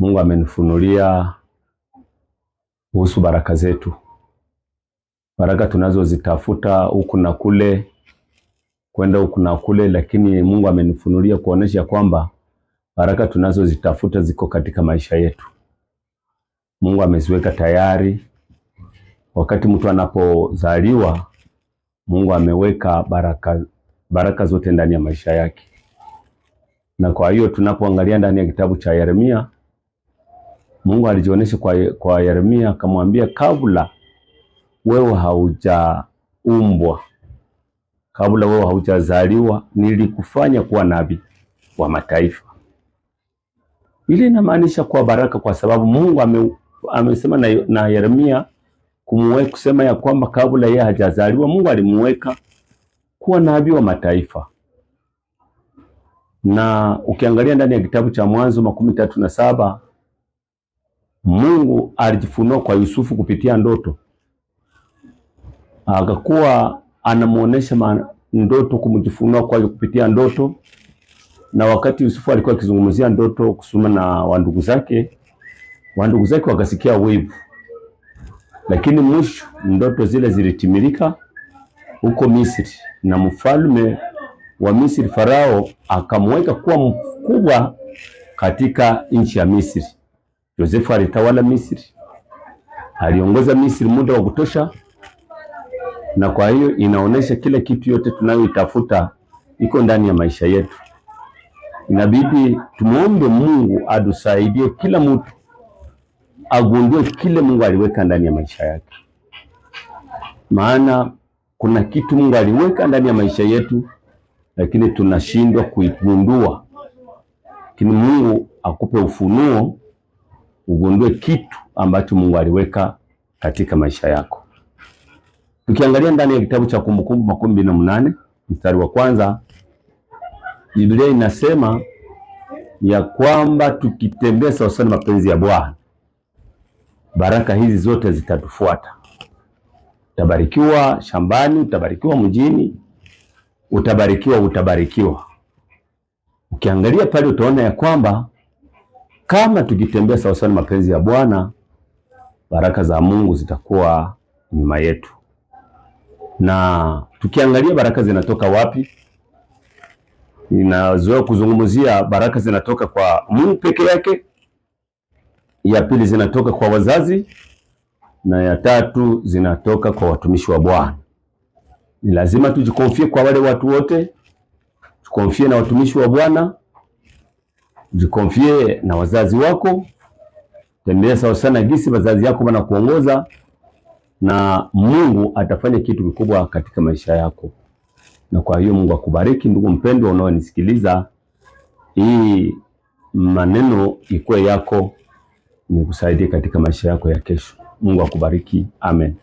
Mungu amenifunulia kuhusu baraka zetu, baraka tunazozitafuta huku na kule, kwenda huku na kule, lakini Mungu amenifunulia kuonesha kwamba baraka tunazozitafuta ziko katika maisha yetu. Mungu ameziweka tayari. Wakati mtu anapozaliwa, Mungu ameweka baraka, baraka zote ndani ya maisha yake, na kwa hiyo tunapoangalia ndani ya kitabu cha Yeremia Mungu alijionyesha kwa, kwa Yeremia akamwambia, kabla wewe haujaumbwa, kabla wewe haujazaliwa nilikufanya kuwa nabii wa mataifa. Ile inamaanisha kuwa baraka, kwa sababu Mungu ame, amesema na, na Yeremia kumwe kusema ya kwamba kabla yeye hajazaliwa Mungu alimuweka kuwa nabii wa mataifa na ukiangalia ndani ya kitabu cha Mwanzo makumi tatu na saba Mungu alijifunua kwa Yusufu kupitia ndoto, akakuwa anamuonesha ndoto, kumjifunua kwa kupitia ndoto. Na wakati Yusufu alikuwa akizungumzia ndoto kusoma na wandugu zake, wandugu zake wakasikia wivu, lakini mwisho ndoto zile zilitimilika huko Misri, na mfalme wa Misri Farao akamweka kuwa mkubwa katika nchi ya Misri. Yosefu alitawala Misri, aliongoza Misri muda wa kutosha, na kwa hiyo inaonesha kila kitu yote tunayoitafuta iko ndani ya maisha yetu. Inabidi tumuombe Mungu atusaidie, kila mtu agundue kile Mungu aliweka ndani ya maisha yake, maana kuna kitu Mungu aliweka ndani ya maisha yetu, lakini tunashindwa kuigundua. Lakini Mungu akupe ufunuo ugundue kitu ambacho Mungu aliweka katika maisha yako. Tukiangalia ndani ya kitabu cha Kumbukumbu makumi mbili na mnane mstari wa kwanza, Biblia inasema ya kwamba tukitembea sawasawa na mapenzi ya Bwana, baraka hizi zote zitatufuata. Utabarikiwa shambani, utabarikiwa mjini, utabarikiwa, utabarikiwa. Ukiangalia pale utaona ya kwamba kama tukitembea sawasawa na mapenzi ya Bwana, baraka za Mungu zitakuwa nyuma yetu. Na tukiangalia baraka zinatoka wapi, ninazoea kuzungumzia baraka zinatoka kwa Mungu peke yake, ya pili zinatoka kwa wazazi, na ya tatu zinatoka kwa watumishi wa Bwana. Ni lazima tujikonfie kwa wale watu wote, tukonfie na watumishi wa Bwana jikonfie na wazazi wako, tembea sawa sana gisi wazazi yako wanakuongoza, na Mungu atafanya kitu kikubwa katika maisha yako. Na kwa hiyo Mungu akubariki ndugu mpendwa unaonisikiliza, hii maneno ikuwe yako nikusaidie katika maisha yako ya kesho. Mungu akubariki, amen.